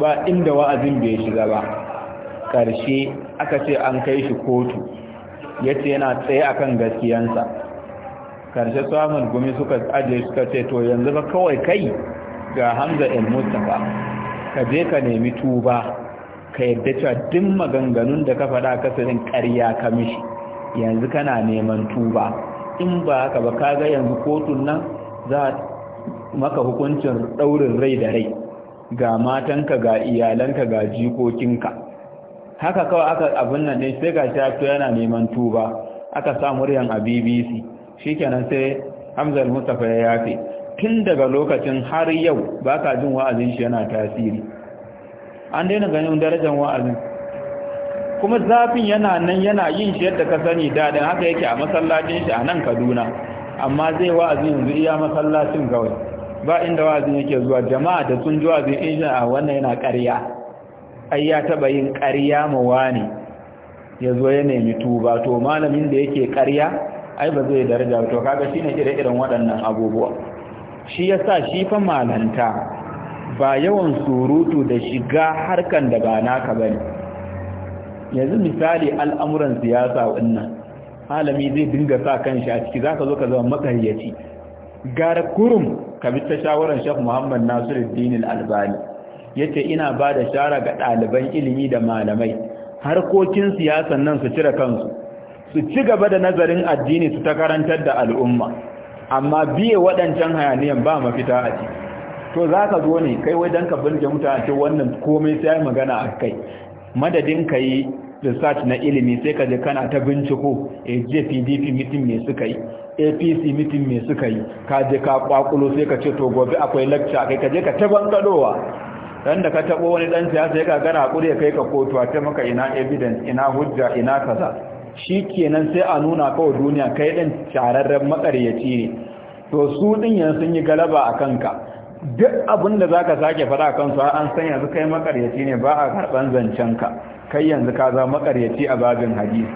ba inda wa'azin bai shiga ba ƙarshe aka ce an kai shi kotu yace yana tsaye akan gaskiyansa karshe samun gumi suka ajiye suka ce to yanzu ba kawai kai ga hamza el mustapha ka je ka nemi tuba ka yadda cewa duk maganganun da ka faɗa kasarin ƙarya ka mishi yanzu kana neman tuba in ba haka ba ka ga yanzu kotun nan za maka hukuncin ɗaurin rai da rai ga matanka ga iyalanka ga jikokinka haka kawai aka abin nan ne sai ga shafi yana neman tuba aka sa muryan a bbc shi kenan sai Hamza al-Mustafa ya yafe tun daga lokacin har yau ba ka jin wa'azin shi yana tasiri an daina ganin darajar wa'azin kuma zafin yana nan yana yin shi yadda ka sani daɗin haka yake a masallacin shi a nan Kaduna amma zai wa'azin yanzu iya masallacin kawai ba inda wa'azin yake zuwa jama'a da sun ji wa'azin in a wannan yana ƙarya ai ya taɓa yin ƙarya ma wani ya zo ya nemi tuba to malamin da yake ƙarya ai ba zai daraja to kaga shine ire-iren waɗannan abubuwa shi yasa shi fa malanta ba yawan surutu da shiga harkan da ba naka bane yanzu misali al'amuran siyasa wannan malami zai dinga sa kanshi a ciki zaka zo ka zama makaryaci gara kurum ka bi ta shawaran Sheikh Muhammad Nasiruddin Al-Albani yace ina bada shara ga ɗaliban ilimi da malamai harkokin siyasan nan su cire kansu su ci gaba da nazarin addini su ta karantar da al'umma amma biye waɗancan hayaniyan ba mafita a ciki to za ka zo ne kai wai don ka burge mutane wannan komai sai magana a kai madadin ka yi research na ilimi sai ka je kana ta binciko a eh, jpdp mitin me suka yi apc mitin me suka yi ka je ka kwakulo sai ka ce to gobe akwai lecture kai ka je ka ta dan da ka tabo wani dan siyasa ya a hakuri ya kai ka kotu a ta maka ina evidence ina hujja ina kaza shi kenan sai a nuna kawo duniya kai ɗin shararren makaryaci ne to su ɗin yanzu sun yi galaba a kanka duk abin da za ka sake faɗa kansu an san yanzu kai makaryaci ne ba a zancen ka kai yanzu ka za makaryaci a babin hadisi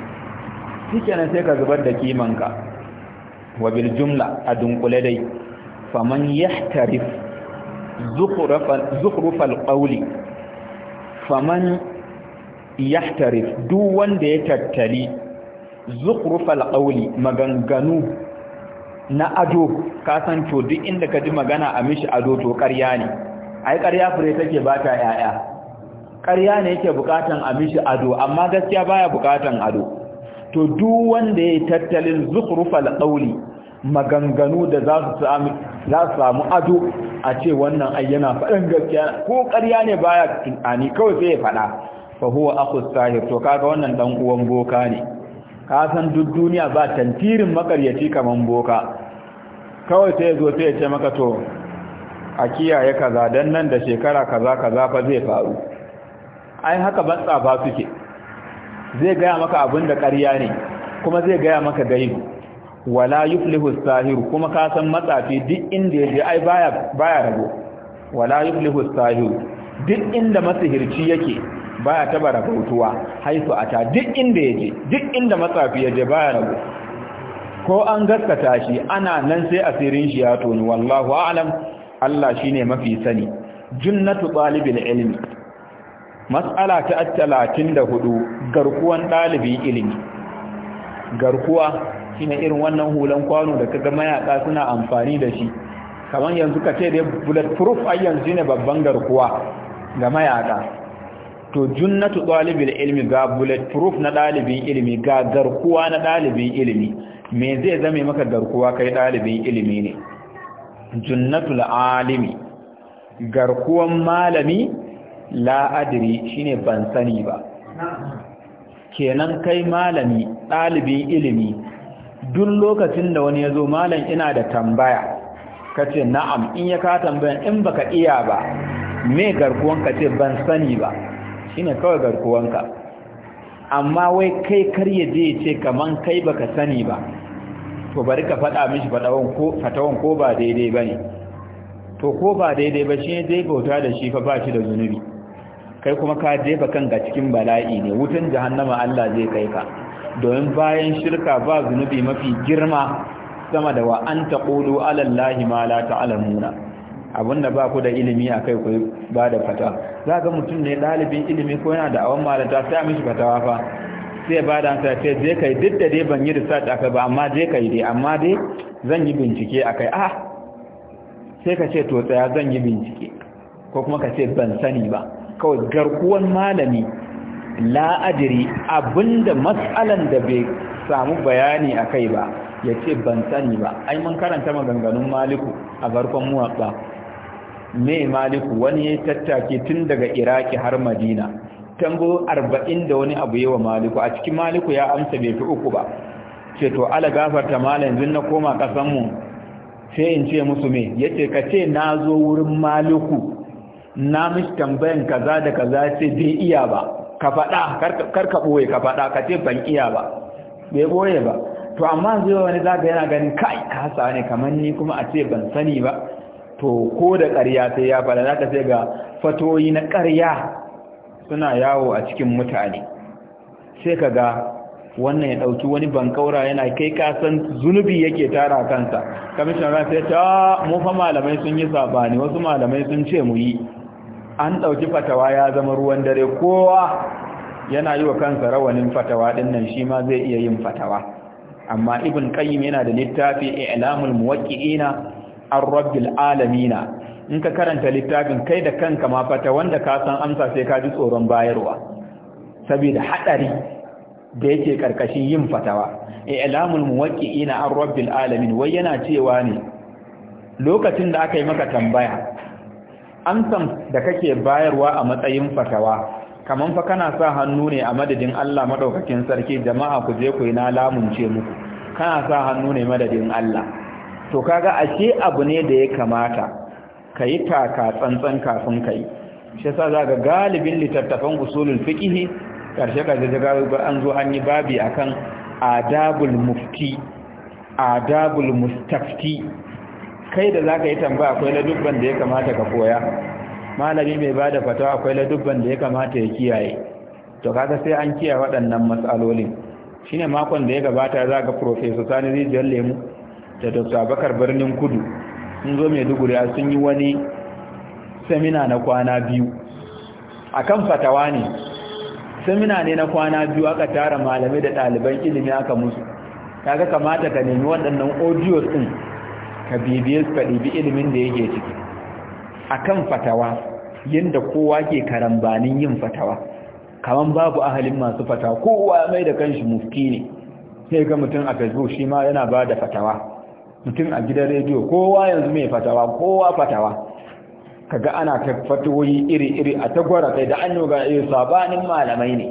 shi sai ka zubar da kimanka wabil jumla a dunkule dai faman yahtarif faman yahtarif duk wanda ya tattali zukhrufal qawli maganganu na ado ka san to duk inda ka ji magana a mishi ado to ƙarya ne ai ƙarya fure take ba ta yaya ƙarya ne yake bukatan a mishi ado amma gaskiya baya bukatan ado to duk wanda ya tattalin zukhrufal qawli maganganu da za su samu za su samu ado a ce wannan ai yana gaskiya ko ƙarya ne baya tunani kawai sai ya faɗa fa huwa akhu sahir to kaga wannan dan uwan boka ne ka san duk duniya ba tantirin makaryaci kaman boka kawai sai zo sai ya ce maka to a kiyaye kaza dan nan da shekara kaza kaza fa zai faru ai haka ban tsafa suke zai gaya maka abin da ƙarya ne kuma zai gaya maka gaibu wala yuflihu sahir kuma ka san matsafi duk inda ya ai baya baya rabo wala yuflihu sahir duk inda masihirci yake baya taba rabautuwa haifu a ta duk inda ya je duk inda matsafi ya je baya rabu ko an gaskata shi ana nan sai asirin shi ya toni wallahu a'lam Allah ne mafi sani junnatu talibil ilmi Matsala ta talatin da hudu, garkuwan ɗalibi ilimi garkuwa shine irin wannan hulan kwano da kaga mayaƙa suna amfani da shi kamar yanzu ka ce dai bulletproof ayyanzu. shine babban garkuwa ga mayaka to junnatu ɗalibin ilmi ga bulletproof na ɗalibin ilmi ga garkuwa na ɗalibin ilmi me zai zame maka garkuwa kai ɗalibin ilmi ne junnatu alimi garkuwan malami adri shine ban sani ba kenan kai malami ɗalibin ilimi duk lokacin da wani ya zo malam ina da tambaya kace na'am in ya ka tambayan in baka iya ba me garkuwan ka ce ban sani ba shine kawai garkuwanka amma wai kai kar ya je ya ce kaman kai baka sani ba to bari ka faɗa mishi fatawan ko ba ko ba daidai bane to ko ba daidai ba shi dai bauta da shi fa ba shi da zunubi kai kuma ka jefa kanka cikin bala'i ne wutan jahannama Allah zai kai ka domin bayan shirka ba zunubi mafi girma sama da wa an taqulu ala allahi ma la ta'lamuna abinda ba ku da ilimi akai ku ba da fata za ga mutum ne ɗalibin ilimi ko yana da awon malata sai a mishi fatawa fa sai ba da amsa ce je kai duk da dai ban yi research akai ba amma je kai dai amma dai zan yi bincike akai a ah! sai ka ce to tsaya zan yi bincike ko kuma ka ce ban sani ba kawai garkuwan malami la'adiri abinda matsalan da bai samu bayani akai ba ya ce ban sani ba ai mun karanta maganganun maliku a farkon muwatsa me Malik wani ya tattake tun daga iraki har madina tango arba'in da wani abu yawa maliku a cikin maliku ya amsa bai fi uku ba ce to ala gafarta mala yanzu na koma kasanmu sai in ce musu me Yace ce ka ce na zo wurin maliku na mishi tambayan kaza da kaza ce bai iya ba ka faɗa kar ka ɓoye ka faɗa ka ce ban iya ba bai ɓoye ba to amma zai wani zaka yana ganin kai sa ne kamar ni kuma a ce ban sani ba to ko da ƙarya sai ya faɗa za sai ga fatoyi na ƙarya suna yawo a cikin mutane sai ka ga wannan ya ɗauki wani bankaura yana kai kasan zunubi yake tara kansa kamishin ran sai ta ah, mu fa malamai sun yi sabani wasu malamai sun ce mu yi an ɗauki fatawa ya zama ruwan dare kowa yana yi wa kansa rawanin fatawa ɗin nan shi ma zai iya yin fatawa amma ibn qayyim yana da littafi i'lamul muwaqqi'ina an rabbil alamina in ka karanta littafin kai da kanka ma fata wanda ka san amsa sai ka ji tsoron bayarwa saboda hadari da yake karkashin yin fatawa i'lamul muwaqqi'ina an rabbil alamin wai yana cewa ne lokacin da aka yi maka tambaya amsan da kake bayarwa a matsayin fatawa kaman fa kana sa hannu ne a madadin Allah madaukakin sarki jama'a ku je ku yi na lamunce muku kana sa hannu ne madadin Allah to kaga ashe abu ne da ya kamata ka yi taka tsantsan kafin ka yi shi sa za ga galibin littattafan usulul fiqihi karshe ka ga an zo an yi babi akan adabul mufti adabul mustafti kai da zaka yi tambaya akwai la dubban da ya kamata ka koya malami mai bada fatawa akwai la dubban da ya kamata ya kiyaye to kaga sai an kiyaye waɗannan matsalolin shine makon da ya gabata za ga professor Sani Rijiyar Lemu da dr bakar birnin kudu sun zo maiduguri sun yi wani semina na kwana biyu A kan fatawa ne semina ne na kwana biyu aka tara malamai da ɗaliban ilimi aka musu ta ga kamata ka nemi waɗannan audios ɗin ka bibiye su ka ɗibi ilimin da yake ciki A kan fatawa yadda kowa ke karambanin yin fatawa kamar babu ahalin masu fatawa kowa mai da kanshi mufki ne sai ga mutum a facebook shi ma yana ba da fatawa mutum a gidan rediyo kowa yanzu mai fatawa kowa fatawa kaga ana ta fatawoyi iri-iri a tagwara kai da an yoga iya eh, sabanin malamai ne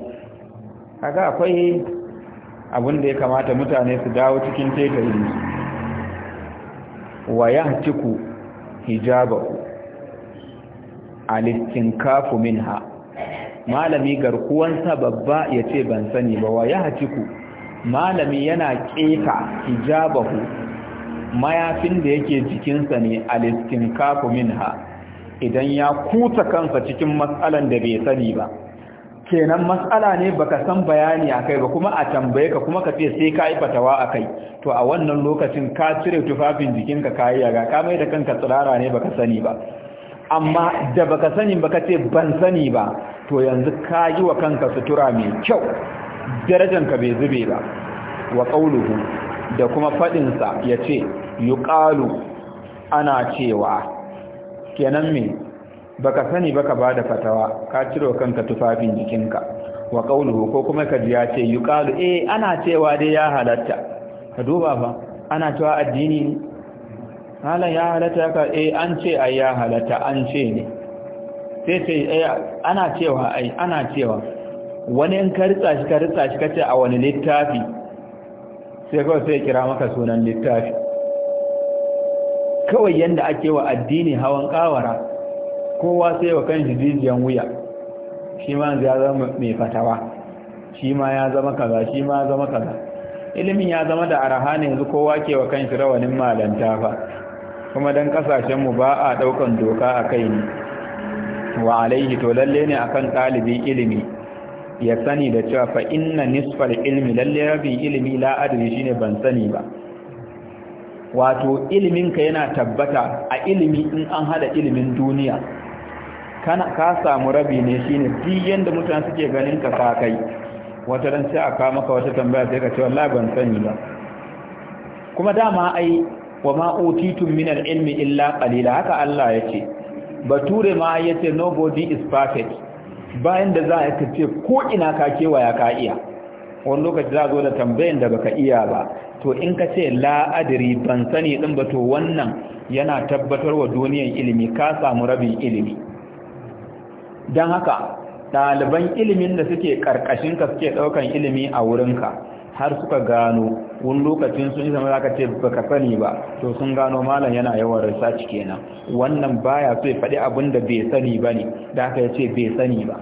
kaga akwai abin da ya kamata mutane su dawo cikin tekari wa ya ciku a littin kafu ha. malami garkuwansa babba ya ce ban sani ba wa ya ciku malami yana keka ku. mayafin da yake jikinsa ne alistin kafu ha, idan ya kuta kansa cikin matsalan da bai sani ba kenan matsala ne baka san bayani akai ba kuma a tambaye ka kuma ka ce sai ka yi fatawa akai to a wannan lokacin ka cire tufafin jikinka ka yi yaga ka mai da kanka tsirara ne baka sani ba amma da baka sani baka ce ban sani ba to yanzu ka yi wa kanka sutura mai kyau darajanka bai zube ba wa qauluhu da kuma faɗinsa ya ce yuƙalu ana cewa kenan me baka sani baka ba da fatawa ka ciro kanka tufafin jikinka wa ƙauluhu ko kuma ka ji ya ce yuƙalu eh ana cewa dai ya halatta ka duba fa ana cewa addini ne ya halatta ka eh an ce ai ya halatta an ce ne sai ce eh, ana cewa ai ana cewa wani in ka ritsa shi ka ritsa shi kace a wani littafi sai kawai sai kira maka sunan littafi kawai yadda ake wa addini hawan kawara kowa sai wa kanshi jijiyan wuya shi ma ya zama mai fatawa shi ma ya zama kaza shi ma ya zama kaza ilimin ya zama da araha ne yanzu kowa ke wa kanshi rawanin malanta fa kuma dan kasashen mu ba a daukan doka a kai ne wa alaihi to lalle ne akan ɗalibin ilimi ya sani da cewa fa inna nisfal ilmi lalle rabi ilimi la adri shine ban sani ba wato ka yana tabbata a ilimi in an hada ilimin duniya kana ka samu rabi ne shine duk yanda mutane suke ganin ka ka kai wata ran sai aka maka wata tambaya sai ka ce wallahi ban sani ba kuma dama ai wa ma utitum min al-ilmi illa qalila haka Allah yace bature ma yace nobody is perfect bayan da za a ka ce ko ina ka kewaya ka iya wani lokaci za a zo da tambayin da baka iya ba to in ka ce la'adari ban sani din ba to wannan yana tabbatar wa duniyar ilimi ka samu rabin ilimi don haka ɗaliban ilimin da suke ƙarƙashinka suke ɗaukan ilimi a wurinka har suka gano wani lokacin sun yi zama zaka ce baka sani ba to sun gano malam yana yawan research kenan wannan baya so ya faɗi abin da bai sani ba ne da aka ya ce bai sani ba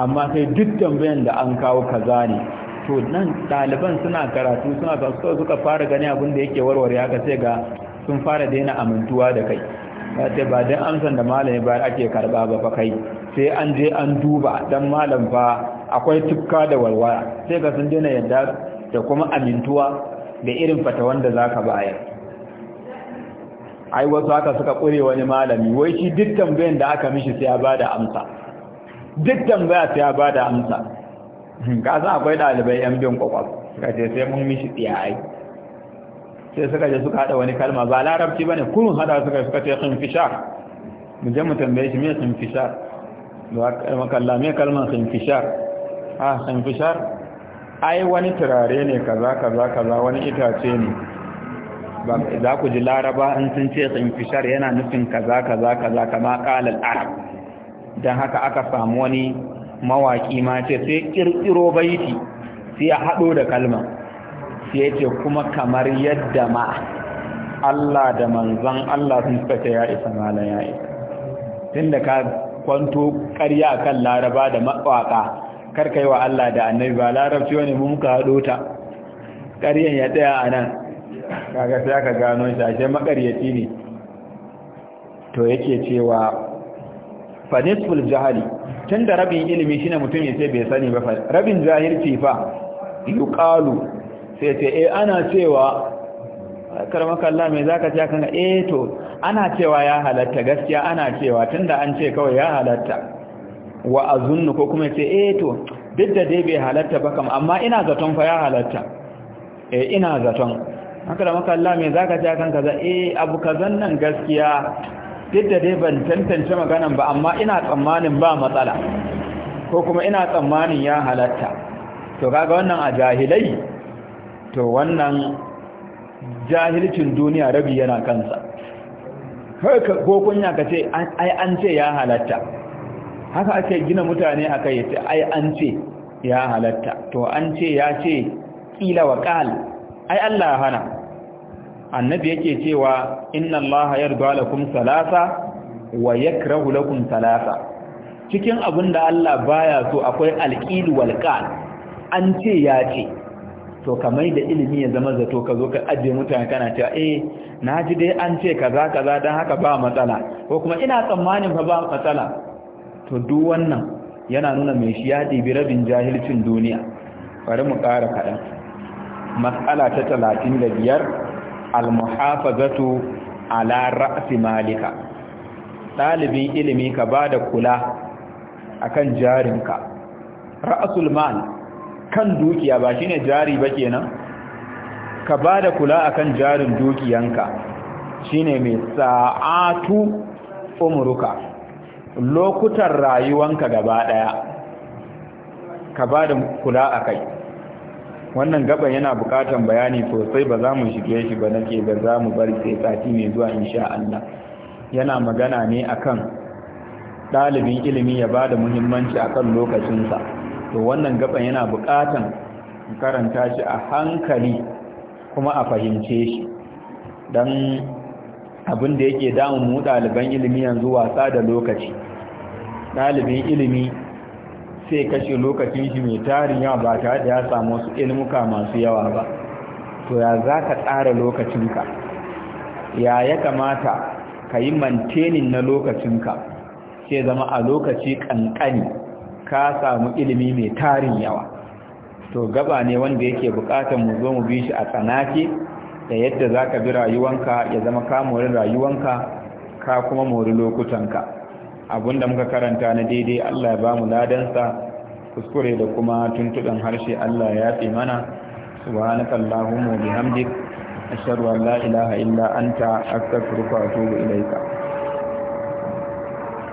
amma sai duk tambayan da an kawo kaza ne to nan ɗaliban suna karatu suna kasuwa suka fara gani abin da yake warware haka sai ga sun fara daina amintuwa da kai ce ba don amsan da malam ya bayar ake karba ba fa kai sai an je an duba dan malam fa akwai tukka da walwala sai ka sun daina yadda da kuma amintuwa da irin wanda za zaka bayar ai wasu haka suka kure wani malami wai shi duk tambayan da aka mishi sai ya bada amsa duk tambaya sai ya bada amsa hmm, ka san akwai dalibai yan bin kwakwaf suka ce sai mun mishi tsiyayi sai suka je suka hada wani kalma ba larabci bane kurun hada suka suka ce sun fishar mu je mu tambaye shi me sun fishar da kalma me kalman sun shar. a ah, san fishar ai wani turare ne kaza kaza kaza wani itace ne za ku ji laraba in sun ce san fishar yana nufin kaza kaza kaza kama kalal arab don haka aka samu wani mawaki ma ce sai kirkiro baiti sai ya haɗo da kalma sai ya ce kuma kamar yadda ma Allah da manzan Allah sun suka ya isa mala ya isa tun da ka kwanto ƙarya kan laraba da matsaka kar kai wa Allah da annabi ba larabci wani mu muka haɗo ta ƙaryan ya tsaya a nan kaga sai aka gano shi ashe makaryaci ne to yake cewa fanisful jahali jahali tunda rabin ilimi shi ne mutum ya ce bai sani ba rabin jahilci fa yuqalu sai ce eh ana cewa karmaka Allah mai zaka ce kan eh to ana cewa ya halatta gaskiya ana cewa tunda an ce kawai ya halatta wa azunnu ko kuma ce eh to duk da dai bai halatta ba kam amma ina zaton fa ya halatta eh ina zaton haka da maka Allah me zaka ji kanka za eh abu kazan nan gaskiya duk da dai ban tantance maganan ba amma ina tsammanin ba matsala ko kuma ina tsammanin ya halatta to kaga wannan a jahilai to wannan jahilcin duniya rabi yana kansa ko kunya ka ce ai an ce ya halatta haka ake gina mutane a kai ta ai an ce ya halatta to an ce ya ce ƙila wa ƙal ai Allah hana annabi yake cewa inna Allah yarda alakum salasa wa yakrahu lakum salasa cikin abin da Allah baya so akwai alqil wal qal an ce ya ce to kamar da ilimi ya zama zato ka zo ka ajiye mutane kana cewa eh na dai an ce kaza kaza don haka ba matsala ko kuma ina tsammanin fa ba matsala to duk wannan yana nuna mai shi ya ɗibi rabin jahilcin duniya bari mu ƙara kaɗan matsala ta talatin da biyar almuhafazatu ala ra'asi malika ɗalibin ilimi ka ba da kula a kan jarinka ra'asul mal kan dukiya ba shi ne jari ba kenan ka ba da kula a kan jarin dukiyanka shi ne mai sa'atu umuruka lokutan rayuwanka gaba ɗaya ka ba da kula a kai wannan gaban yana bukatar bayani sosai ba za mu shige shi ba nake da za mu bari sai sati mai zuwa insha Allah yana magana ne akan ɗalibin ilimi ya ba da muhimmanci a kan lokacinsa to wannan gaban yana bukatan karanta shi a hankali kuma a fahimce shi don abin da yake damun mu ɗaliban ilimi yanzu wasa da lokaci ɗalibin ilimi sai kashe lokacin shi mai tarin yawa ba ta da ya samu wasu ilmuka masu yawa ba to ya za ka tsara lokacinka ya ya kamata ka yi mantenin na lokacinka sai zama a lokaci ƙanƙani ka samu ilimi mai tarin yawa to gaba ne wanda yake buƙatar mu zo mu bi shi a tsanake da yadda za ka bi rayuwanka ya zama ka mori rayuwanka ka kuma mori lokutanka da muka karanta na daidai Allah ya bamu ladansa kuskure da kuma tuntuɗin harshe Allah ya fi mana subhanakallahumma wa bihamdik ashhadu an la ilaha illa anta astaghfiruka wa atubu ilaika